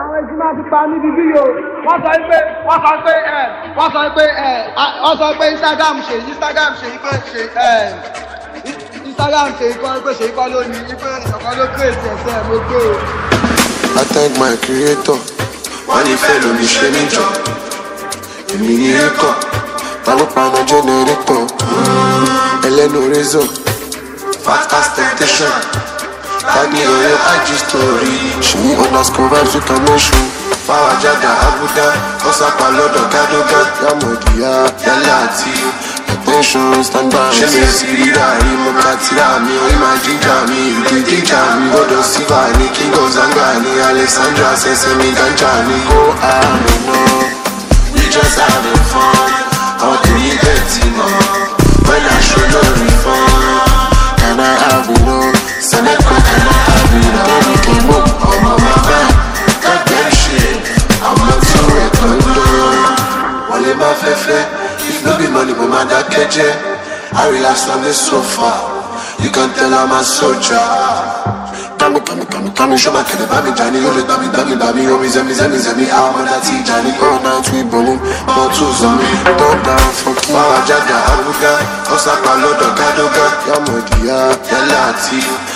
àwọn ẹjú máa ti wọ́n sọ pé wọ́n sọ pé sọ sọ Instagram ṣe Instagram ṣe ikọ́ ṣe Instagram ṣe ikọ́ ṣe ikọ́ ikọ́ ìṣọ̀kan ló pè sí ẹsẹ̀ mo o. I thank my creator wọ́n ní fẹ́ lómi ṣe níjọ èmi ní ẹ̀kọ́ ẹlẹ́nu Tag me on your IG story Ṣèyí underscore vibes you can know show Fáwa jága Abuja Ọ̀sàpá lọ́dọ̀ Kadogan Yàmọ̀dìyà Yálé Attention stand by Ṣé mi sì rí rárí mo ka tírà mi orí máa jíjà mi ìdí jíjà mi gbọ́dọ̀ síbà ní King Zanga ní Alexandra ṣẹ̀ṣẹ̀ mi gànjà ní kó àrùn náà. We just have ma fefe If no be money, but man that keje I relax on the sofa You can tell I'm a soldier Come, come, come, come, show my kid about me, Johnny You look at me, dummy, dummy, oh, me, zemi, zemi, zemi I'm on that tea, Johnny, all night we boom All twos on me, don't down, fuck you Mawa jaga, abuga, osa palo, doka, doka Yamodia, yalati, yalati